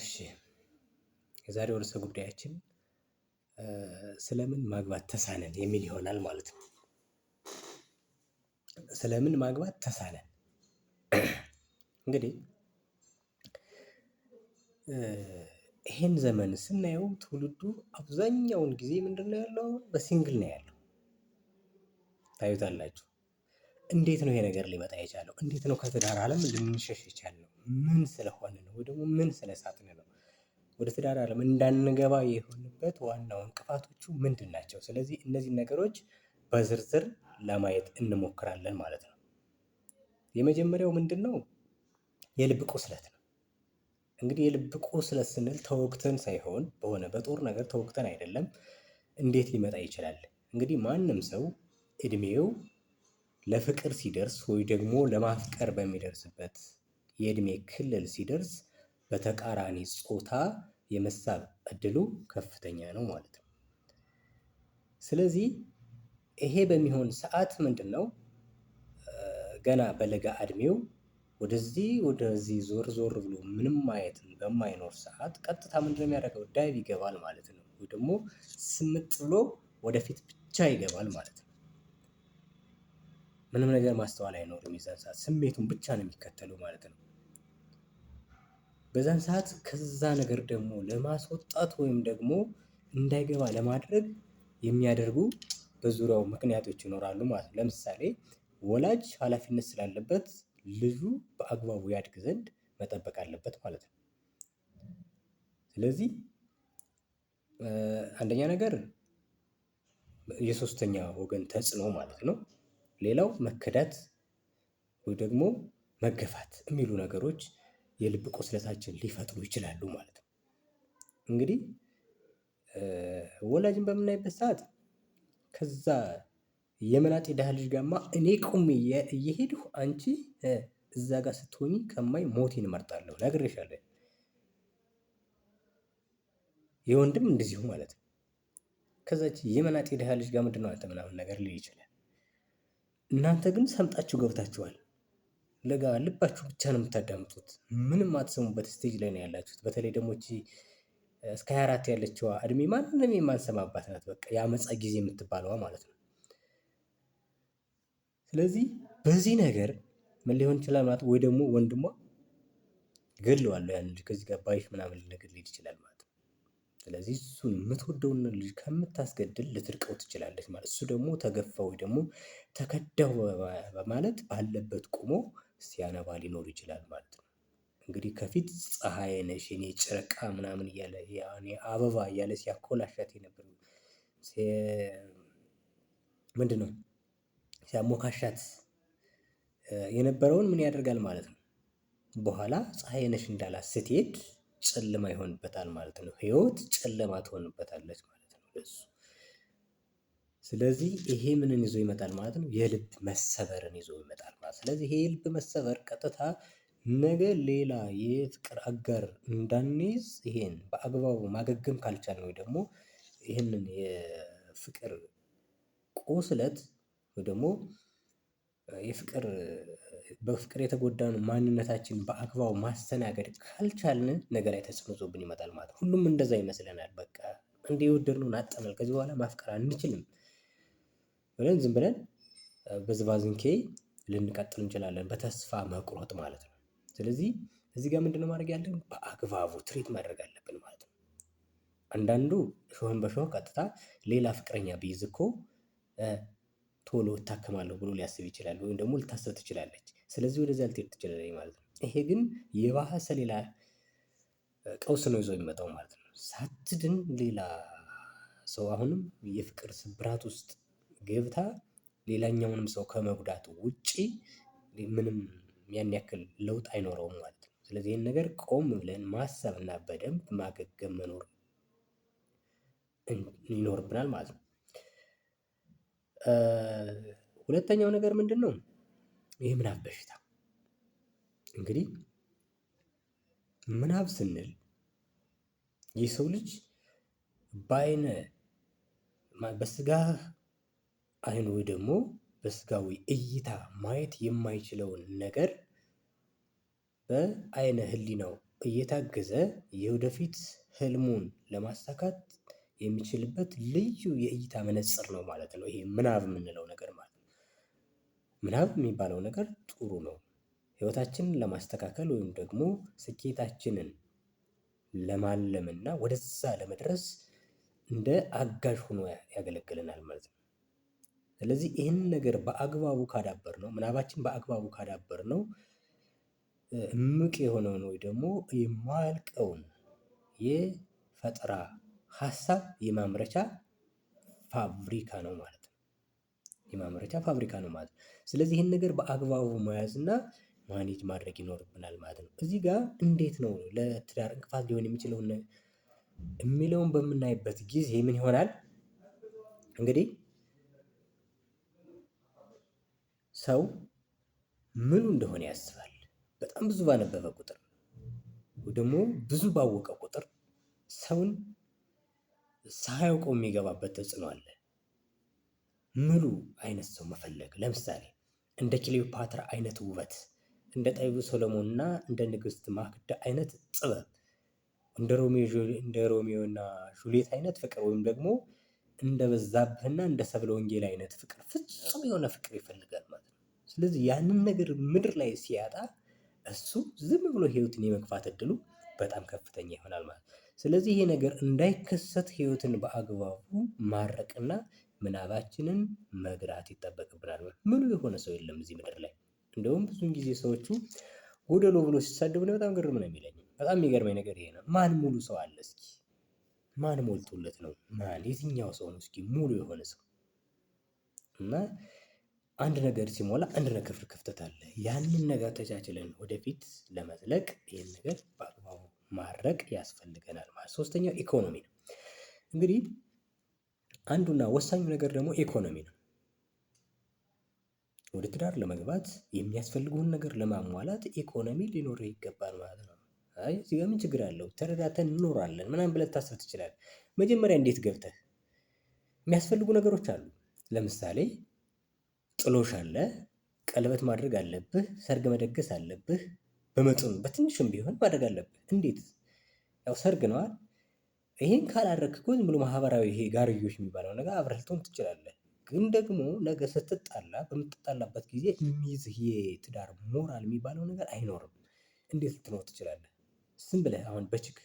እሺ የዛሬው ርዕሰ ጉዳያችን ስለምን ማግባት ተሳነን የሚል ይሆናል ማለት ነው። ስለምን ማግባት ተሳነን? እንግዲህ ይሄን ዘመን ስናየው ትውልዱ አብዛኛውን ጊዜ ምንድነው ያለው? በሲንግል ነው ያለው። ታዩታላችሁ እንዴት ነው ይሄ ነገር ሊመጣ የቻለው? እንዴት ነው ከትዳር ዓለም ልንሸሽ የቻልነው? ምን ስለሆነ ነው? ወይ ደግሞ ምን ስለሳትን ነው ወደ ትዳር ዓለም እንዳንገባ የሆንበት ዋናው እንቅፋቶቹ ምንድን ናቸው? ስለዚህ እነዚህ ነገሮች በዝርዝር ለማየት እንሞክራለን ማለት ነው። የመጀመሪያው ምንድን ነው? የልብ ቁስለት ነው። እንግዲህ የልብ ቁስለት ስንል ተወግተን ሳይሆን በሆነ በጦር ነገር ተወግተን አይደለም። እንዴት ሊመጣ ይችላል? እንግዲህ ማንም ሰው እድሜው ለፍቅር ሲደርስ ወይ ደግሞ ለማፍቀር በሚደርስበት የእድሜ ክልል ሲደርስ በተቃራኒ ጾታ የመሳብ እድሉ ከፍተኛ ነው ማለት ነው። ስለዚህ ይሄ በሚሆን ሰዓት ምንድነው ገና በለጋ እድሜው ወደዚህ ወደዚህ ዞር ዞር ብሎ ምንም ማየት በማይኖር ሰዓት ቀጥታ ምንድነው የሚያደርገው? ዳይቭ ይገባል ማለት ነው። ወይ ደግሞ ስምጥ ብሎ ወደፊት ብቻ ይገባል ማለት ነው። ምንም ነገር ማስተዋል አይኖርም። የዛን ሰዓት ስሜቱን ብቻ ነው የሚከተሉ ማለት ነው። በዛን ሰዓት ከዛ ነገር ደግሞ ለማስወጣት ወይም ደግሞ እንዳይገባ ለማድረግ የሚያደርጉ በዙሪያው ምክንያቶች ይኖራሉ ማለት ነው። ለምሳሌ ወላጅ ኃላፊነት ስላለበት ልጁ በአግባቡ ያድግ ዘንድ መጠበቅ አለበት ማለት ነው። ስለዚህ አንደኛ ነገር የሶስተኛ ወገን ተጽዕኖ ማለት ነው። ሌላው መከዳት ወይ ደግሞ መገፋት የሚሉ ነገሮች የልብ ቁስለታችን ሊፈጥሩ ይችላሉ ማለት ነው። እንግዲህ ወላጅን በምናይበት ሰዓት ከዛ የመናጤ ድሃ ልጅ ጋርማ እኔ ቆሜ እየሄድሁ አንቺ እዛ ጋር ስትሆኚ ከማይ ሞቴን እመርጣለሁ ነግሬሻለሁ። የወንድም እንደዚሁ ማለት ነው። ከዛች የመናጤ ድሃ ልጅ ጋር ምንድነው አንተ ምናምን ነገር ሊል ይችላል እናንተ ግን ሰምጣችሁ ገብታችኋል። ለጋ ልባችሁ ብቻ ነው የምታዳምጡት፣ ምንም አትሰሙበት ስቴጅ ላይ ነው ያላችሁት። በተለይ ደግሞ እስከ 24 ያለችዋ እድሜ ማንም የማንሰማባት ናት። በቃ የአመፃ ጊዜ የምትባለዋ ማለት ነው። ስለዚህ በዚህ ነገር ምን ሊሆን ይችላል ማለት ወይ ደግሞ ወንድሟ ገለዋለሁ ያን ከዚህ ጋር ባይሽ ምናምን ልነገር ሊሄድ ይችላል ማለት ስለዚህ እሱን የምትወደውን ልጅ ከምታስገድል ልትርቀው ትችላለች ማለት እሱ ደግሞ ተገፋ ወይ ደግሞ ተከዳው በማለት ባለበት ቁሞ ሲያነባ ሊኖር ይችላል ማለት ነው። እንግዲህ ከፊት ፀሐይ ነሽ የኔ ጨረቃ ምናምን እያለ ያኔ አበባ እያለ ሲያኮላሻት የነበር ነው ሲያሞካሻት የነበረውን ምን ያደርጋል ማለት ነው። በኋላ ፀሐይ ነሽ እንዳላት ስትሄድ ጨለማ ይሆንበታል ማለት ነው። ህይወት ጨለማ ትሆንበታለች ማለት ነው ለሱ። ስለዚህ ይሄ ምንን ይዞ ይመጣል ማለት ነው? የልብ መሰበርን ይዞ ይመጣል ማለት። ስለዚህ ይሄ የልብ መሰበር ቀጥታ ነገ ሌላ የፍቅር አጋር እንዳንይዝ ይሄን በአግባቡ ማገገም ካልቻል ወይ ደግሞ ይህንን የፍቅር ቁስለት ወይ ደግሞ የፍቅር በፍቅር የተጎዳን ማንነታችን በአግባቡ ማስተናገድ ካልቻልን ነገ ላይ ተጽዕኖ ዞብን ይመጣል ማለት ሁሉም እንደዛ ይመስለናል። በቃ እንደ የወደድነውን አጠናል ከዚህ በኋላ ማፍቀር አንችልም ብለን ዝም ብለን በዝባዝንኬ ልንቀጥል እንችላለን። በተስፋ መቁረጥ ማለት ነው። ስለዚህ እዚህ ጋር ምንድነው ማድረግ ያለን? በአግባቡ ትሪት ማድረግ አለብን ማለት ነው። አንዳንዱ ሾህን በሾህ ቀጥታ ሌላ ፍቅረኛ ቢይዝ እኮ ቶሎ እታከማለሁ ብሎ ሊያስብ ይችላል፣ ወይም ደግሞ ልታሰብ ትችላለች። ስለዚህ ወደዚያ ልትሄድ ትችላለች ማለት ነው። ይሄ ግን የባሰ ሌላ ቀውስ ነው ይዞ የሚመጣው ማለት ነው። ሳትድን ሌላ ሰው አሁንም የፍቅር ስብራት ውስጥ ገብታ ሌላኛውንም ሰው ከመጉዳት ውጪ ምንም ያን ያክል ለውጥ አይኖረውም ማለት ነው። ስለዚህ ይህን ነገር ቆም ብለን ማሰብና በደንብ ማገገም መኖር ይኖርብናል ማለት ነው። ሁለተኛው ነገር ምንድን ነው? ይህ ምናብ በሽታ እንግዲህ ምናብ ስንል የሰው ልጅ በአይነ በስጋ አይን ወይ ደግሞ በስጋዊ እይታ ማየት የማይችለውን ነገር በአይነ ህሊናው እየታገዘ የወደፊት ህልሙን ለማሳካት የሚችልበት ልዩ የእይታ መነጽር ነው ማለት ነው። ይሄ ምናብ የምንለው ነገር ማለት ነው። ምናብ የሚባለው ነገር ጥሩ ነው። ህይወታችንን ለማስተካከል ወይም ደግሞ ስኬታችንን ለማለምና ወደዛ ለመድረስ እንደ አጋዥ ሆኖ ያገለግለናል ማለት ነው። ስለዚህ ይህንን ነገር በአግባቡ ካዳበር ነው ምናባችን በአግባቡ ካዳበር ነው እምቅ የሆነውን ወይ ደግሞ የማያልቀውን የፈጠራ ሀሳብ የማምረቻ ፋብሪካ ነው ማለት ነው። የማምረቻ ፋብሪካ ነው ማለት ነው። ስለዚህ ይህን ነገር በአግባቡ መያዝ ና ማኔጅ ማድረግ ይኖርብናል ማለት ነው። እዚህ ጋር እንዴት ነው ለትዳር እንቅፋት ሊሆን የሚችለው የሚለውን በምናይበት ጊዜ ምን ይሆናል እንግዲህ ሰው ምኑ እንደሆነ ያስባል። በጣም ብዙ ባነበበ ቁጥር ደግሞ ብዙ ባወቀ ቁጥር ሰውን ሳያውቀው የሚገባበት ተጽዕኖ አለ። ምሉ አይነት ሰው መፈለግ ለምሳሌ እንደ ክሊዮፓትራ አይነት ውበት፣ እንደ ጠቢቡ እና እንደ ንግስት ማክዳ አይነት ጥበብ፣ እንደ እና ጁሊየት አይነት ፍቅር ወይም ደግሞ እንደ በዛብህና እንደ ሰብለ ወንጌል አይነት ፍቅር ፍጹም የሆነ ፍቅር ይፈልጋል ማለት ነው። ስለዚህ ያንን ነገር ምድር ላይ ሲያጣ እሱ ዝም ብሎ ህይወትን የመግፋት እድሉ በጣም ከፍተኛ ይሆናል ማለት ነው። ስለዚህ ይሄ ነገር እንዳይከሰት ህይወትን በአግባቡ ማረቅና ምናባችንን መግራት ይጠበቅብናል። ምሉ የሆነ ሰው የለም እዚህ ምድር ላይ። እንደውም ብዙን ጊዜ ሰዎቹ ጎደሎ ብሎ ሲሳደቡ በጣም ግርም ነው የሚለኝ። በጣም የሚገርመኝ ነገር ይሄ ነው። ማን ሙሉ ሰው አለ እስኪ? ማን ሞልቶለት ነው? ማን የትኛው ሰው ነው እስኪ ሙሉ የሆነ ሰው? እና አንድ ነገር ሲሞላ አንድ ነገር ክፍተት አለ። ያንን ነገር ተቻችለን ወደፊት ለመዝለቅ ይህን ነገር በአግባቡ ማድረግ ያስፈልገናል ማለት። ሶስተኛው ኢኮኖሚ ነው። እንግዲህ አንዱና ወሳኙ ነገር ደግሞ ኢኮኖሚ ነው። ወደ ትዳር ለመግባት የሚያስፈልጉን ነገር ለማሟላት ኢኮኖሚ ሊኖር ይገባል ማለት ነው። አይ እዚህ ምን ችግር አለው ተረዳተን እንኖራለን ምናምን ብለህ ታስብ ትችላለህ። መጀመሪያ እንዴት ገብተህ የሚያስፈልጉ ነገሮች አሉ። ለምሳሌ ጥሎሽ አለ፣ ቀለበት ማድረግ አለብህ፣ ሰርግ መደገስ አለብህ፣ በመጠኑ በትንሹም ቢሆን ማድረግ አለብህ። እንዴት ያው ሰርግ ነዋ። ይህን ካላረክ እኮ ዝም ብሎ ማህበራዊ ይሄ የሚባለው ነገር አብረህ ልትሆን ትችላለህ። ግን ደግሞ ነገ ስትጣላ በምትጣላበት ጊዜ የሚይዝህ የትዳር ሞራል የሚባለው ነገር አይኖርም። እንዴት ልትኖር ትችላለህ? ዝም ብለህ አሁን በችክ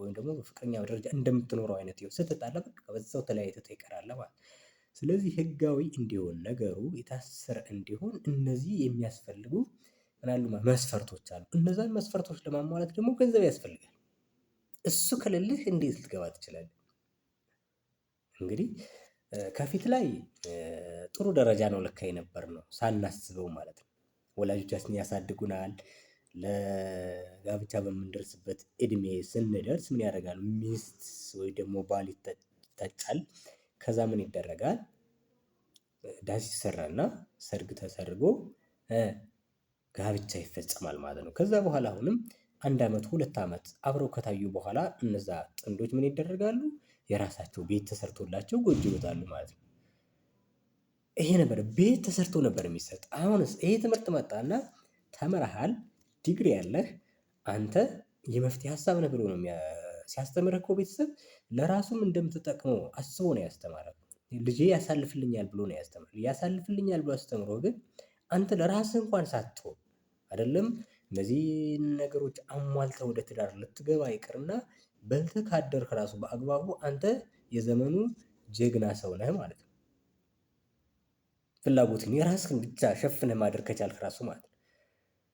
ወይም ደግሞ በፍቅረኛ ደረጃ እንደምትኖረው አይነት ይኸው ስትጣላ በቃ በዛው ተለያይተህ ትቀራለህ ማለት ስለዚህ ህጋዊ እንዲሆን ነገሩ የታሰረ እንዲሆን እነዚህ የሚያስፈልጉ ምናሉ መስፈርቶች አሉ። እነዛን መስፈርቶች ለማሟላት ደግሞ ገንዘብ ያስፈልጋል። እሱ ከሌለህ እንዴት ልትገባ ትችላለህ? እንግዲህ ከፊት ላይ ጥሩ ደረጃ ነው ለካ የነበር ነው ሳናስበው ማለት ነው። ወላጆቻችን ያሳድጉናል። ለጋብቻ በምንደርስበት እድሜ ስንደርስ ምን ያደርጋሉ? ሚስት ወይ ደግሞ ባል ይታጫል። ከዛ ምን ይደረጋል? ዳስ ይሰራና ሰርግ ተሰርጎ ጋብቻ ይፈጸማል ማለት ነው። ከዛ በኋላ አሁንም አንድ አመት ሁለት አመት አብረው ከታዩ በኋላ እነዛ ጥንዶች ምን ይደረጋሉ? የራሳቸው ቤት ተሰርቶላቸው ጎጆ ይወጣሉ ማለት ነው። ይሄ ነበር ቤት ተሰርቶ ነበር የሚሰጥ። አሁንስ ይሄ ትምህርት መጣና ተምረሃል፣ ዲግሪ ያለህ አንተ የመፍትሄ ሀሳብ ነህ ብሎ ነው ሲያስተምርህ እኮ ቤተሰብ ለራሱም እንደምትጠቅመው አስቦ ነው ያስተማረ። ልጄ ያሳልፍልኛል ብሎ ነው ያስተምር ያሳልፍልኛል ብሎ አስተምሮ ግን አንተ ለራስህ እንኳን ሳትሆን አይደለም እነዚህ ነገሮች አሟልተ ወደ ትዳር ልትገባ ይቅርና በልተህ ካደርክ ራሱ በአግባቡ አንተ የዘመኑ ጀግና ሰው ነህ ማለት ነው። ፍላጎትን የራስህን ብቻ ሸፍነህ ማድረግ ከቻልክ ራሱ ማለት ነው።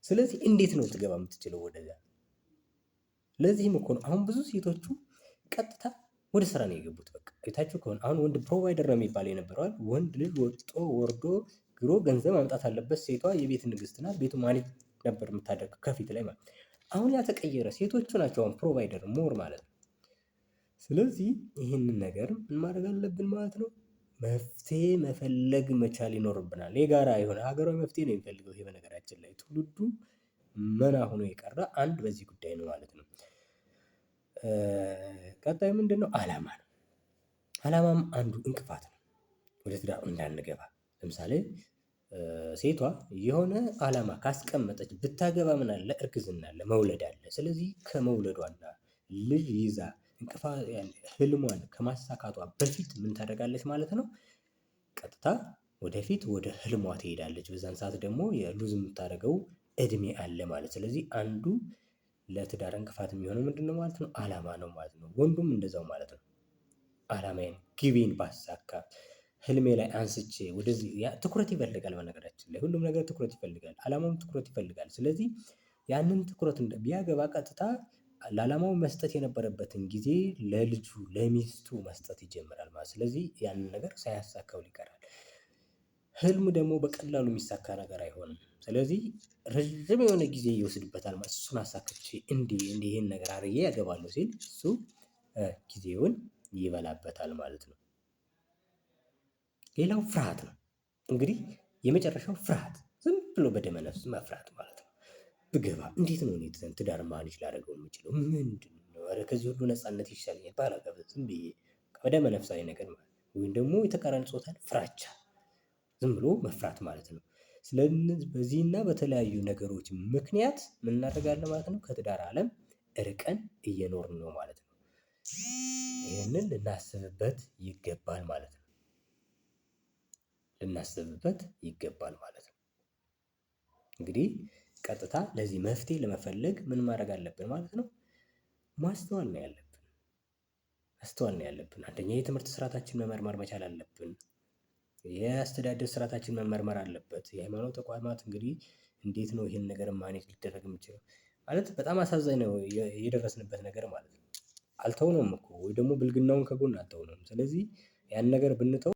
ስለዚህ እንዴት ነው ልትገባ የምትችለው ወደዛ? ለዚህም እኮ ነው አሁን ብዙ ሴቶቹ ቀጥታ ወደ ስራ ነው የገቡት። በቃ ቤታቸው ከሆነ አሁን ወንድ ፕሮቫይደር ነው የሚባል የነበረዋል። ወንድ ልጅ ወጦ ወርዶ ግሮ ገንዘብ ማምጣት አለበት። ሴቷ የቤት ንግስት ናት። ቤቱ ማኔጅ ነበር የምታደርገው ከፊት ላይ ማለት አሁን ያተቀየረ ሴቶቹ ናቸውን ፕሮቫይደር ሞር ማለት ነው። ስለዚህ ይህንን ነገር ምን ማድረግ አለብን ማለት ነው መፍትሄ መፈለግ መቻል ይኖርብናል። የጋራ የሆነ ሀገራዊ መፍትሄ ነው የሚፈልገው። ይሄ በነገራችን ላይ ትውልዱ መና ሆኖ የቀረ አንድ በዚህ ጉዳይ ነው ማለት ነው። ቀጣይ ምንድን ነው? አላማ ነው። አላማም አንዱ እንቅፋት ነው ወደ ትዳሩ እንዳንገባ ለምሳሌ ሴቷ የሆነ አላማ ካስቀመጠች ብታገባ ምን አለ እርግዝና አለ መውለድ አለ። ስለዚህ ከመውለዷና ልጅ ይዛ እንቅፋ ህልሟን ከማሳካቷ በፊት ምን ታደርጋለች ማለት ነው? ቀጥታ ወደፊት ወደ ህልሟ ትሄዳለች። በዛን ሰዓት ደግሞ የሉዝ የምታደርገው እድሜ አለ ማለት ስለዚህ አንዱ ለትዳር እንቅፋት የሚሆነው ነው ማለት ነው? አላማ ነው ማለት ነው። ወንዱም እንደዛው ማለት ነው። አላማዬን ግቤን ባሳካ ህልሜ ላይ አንስቼ ወደዚህ ትኩረት ይፈልጋል። በነገራችን ላይ ሁሉም ነገር ትኩረት ይፈልጋል። አላማውም ትኩረት ይፈልጋል። ስለዚህ ያንን ትኩረት ቢያገባ ቀጥታ ለአላማው መስጠት የነበረበትን ጊዜ ለልጁ ለሚስቱ መስጠት ይጀምራል ማለት። ስለዚህ ያንን ነገር ሳያሳካው ይቀራል። ህልም ደግሞ በቀላሉ የሚሳካ ነገር አይሆንም። ስለዚህ ረዥም የሆነ ጊዜ ይወስድበታል ማለት እሱን አሳክቼ እንዲ እንዲህን ነገር አርጌ ያገባለሁ ሲል እሱ ጊዜውን ይበላበታል ማለት ነው። ሌላው ፍርሃት ነው። እንግዲህ የመጨረሻው ፍርሃት ዝም ብሎ በደመ ነፍስ መፍራት ማለት ነው። ብገባ እንዴት ነው እኔ ትዳር ማኔጅ ላደርገው የምችለው? ምንድን ነው ኧረ ከዚህ ሁሉ ነፃነት ይሻለኛል ባላገባ ዝም ብዬ በደመ ነገር ማለት ወይም ደግሞ የተቃራኒ ጾታን ፍራቻ ዝም ብሎ መፍራት ማለት ነው። በዚህና በተለያዩ ነገሮች ምክንያት ምን ማለት ነው? ከትዳር ዓለም እርቀን እየኖርን ነው ማለት ነው። ይህንን ልናስብበት ይገባል ማለት ነው። ልናስብበት ይገባል ማለት ነው። እንግዲህ ቀጥታ ለዚህ መፍትሄ ለመፈለግ ምን ማድረግ አለብን ማለት ነው? ማስተዋል ነው ያለብን ማስተዋል ነው ያለብን። አንደኛ የትምህርት ስርዓታችን መመርመር መቻል አለብን። የአስተዳደር ስርዓታችን መመርመር አለበት። የሃይማኖት ተቋማት እንግዲህ እንዴት ነው ይህን ነገር ማኔጅ ሊደረግ የሚችለው? ማለት በጣም አሳዛኝ ነው የደረስንበት ነገር ማለት ነው። አልተውነውም እኮ ወይ ደግሞ ብልግናውን ከጎን አልተውነውም። ስለዚህ ያን ነገር ብንተው